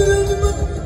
Thank you.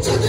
Check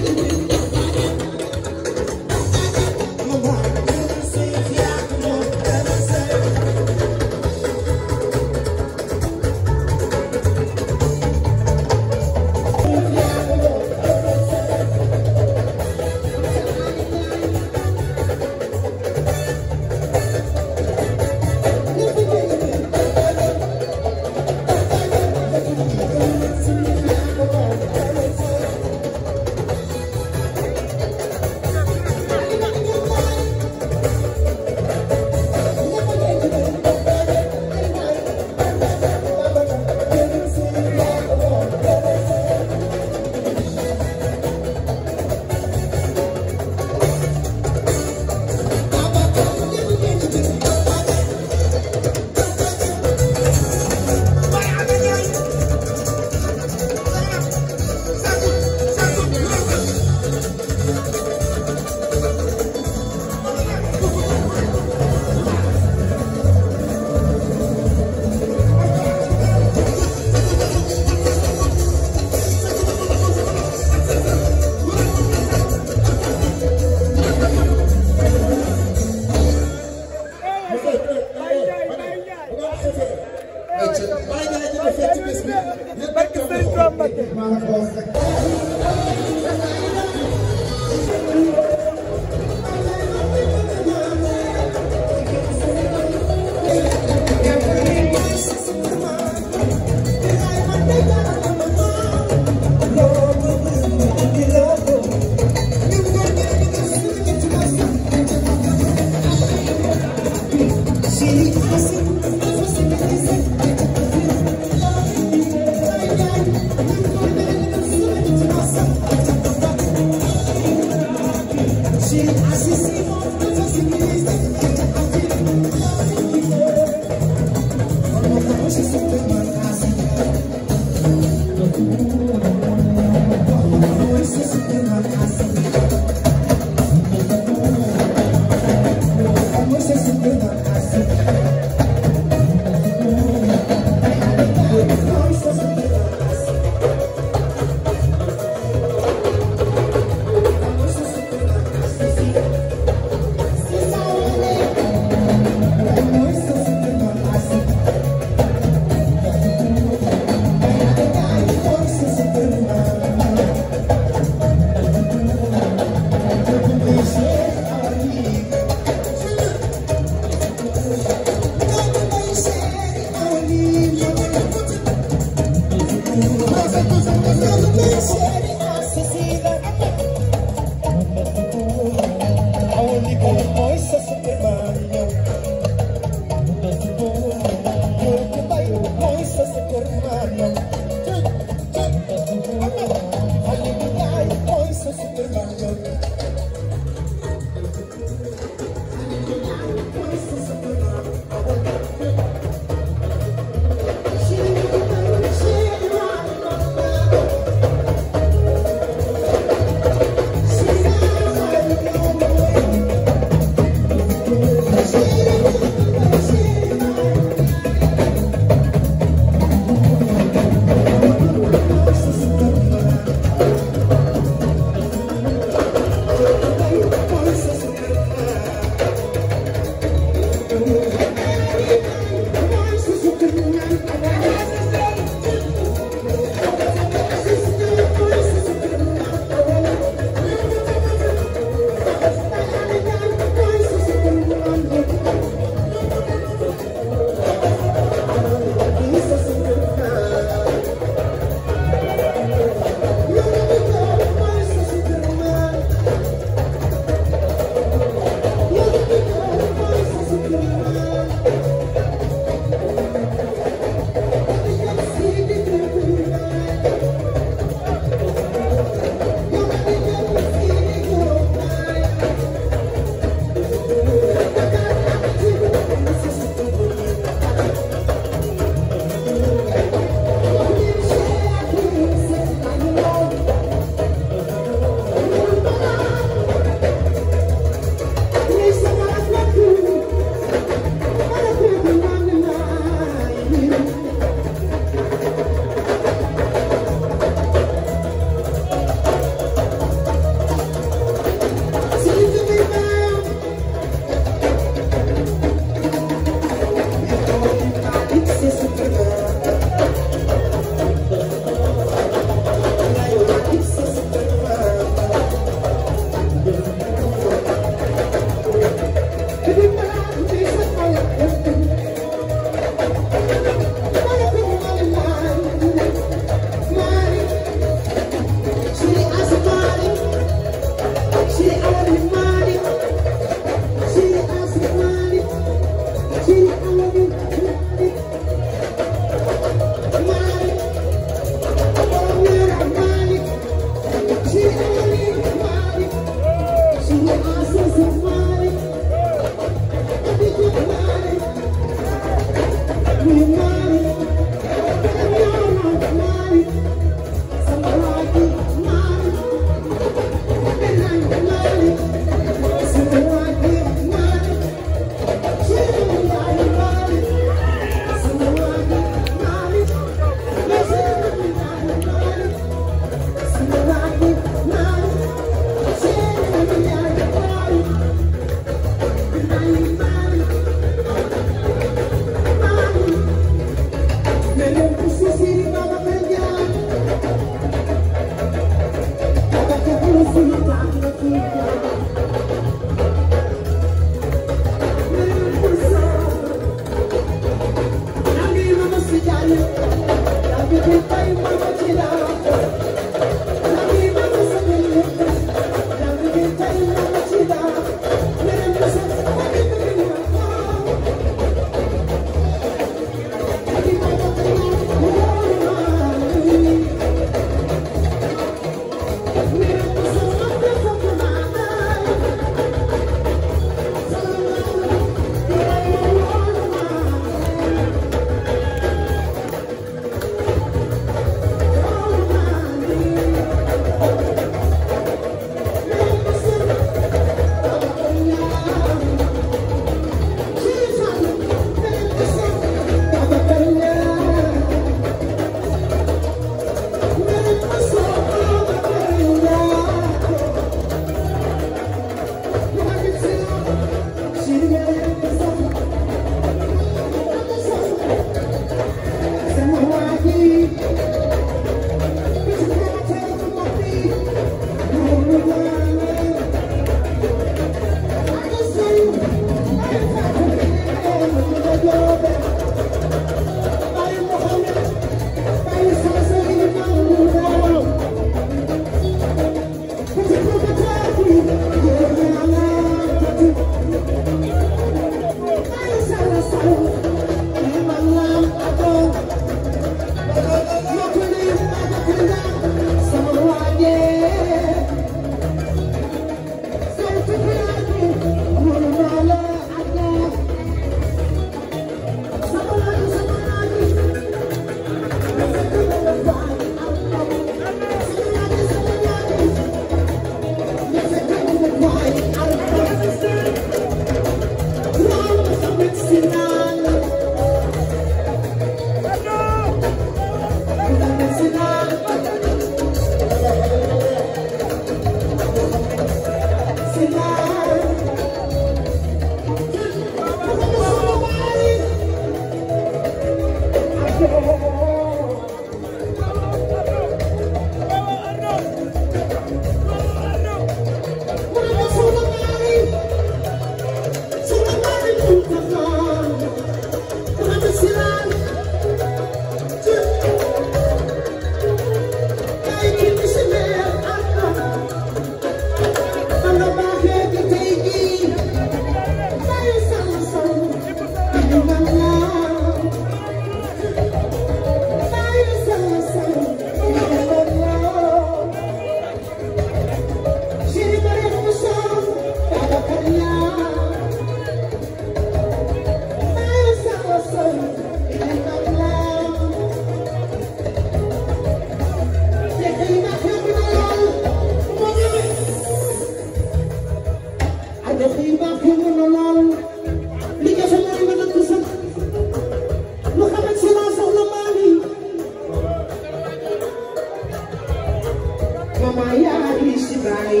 mama yaa ngi si baay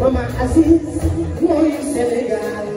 mama Aziz mooy Sénégal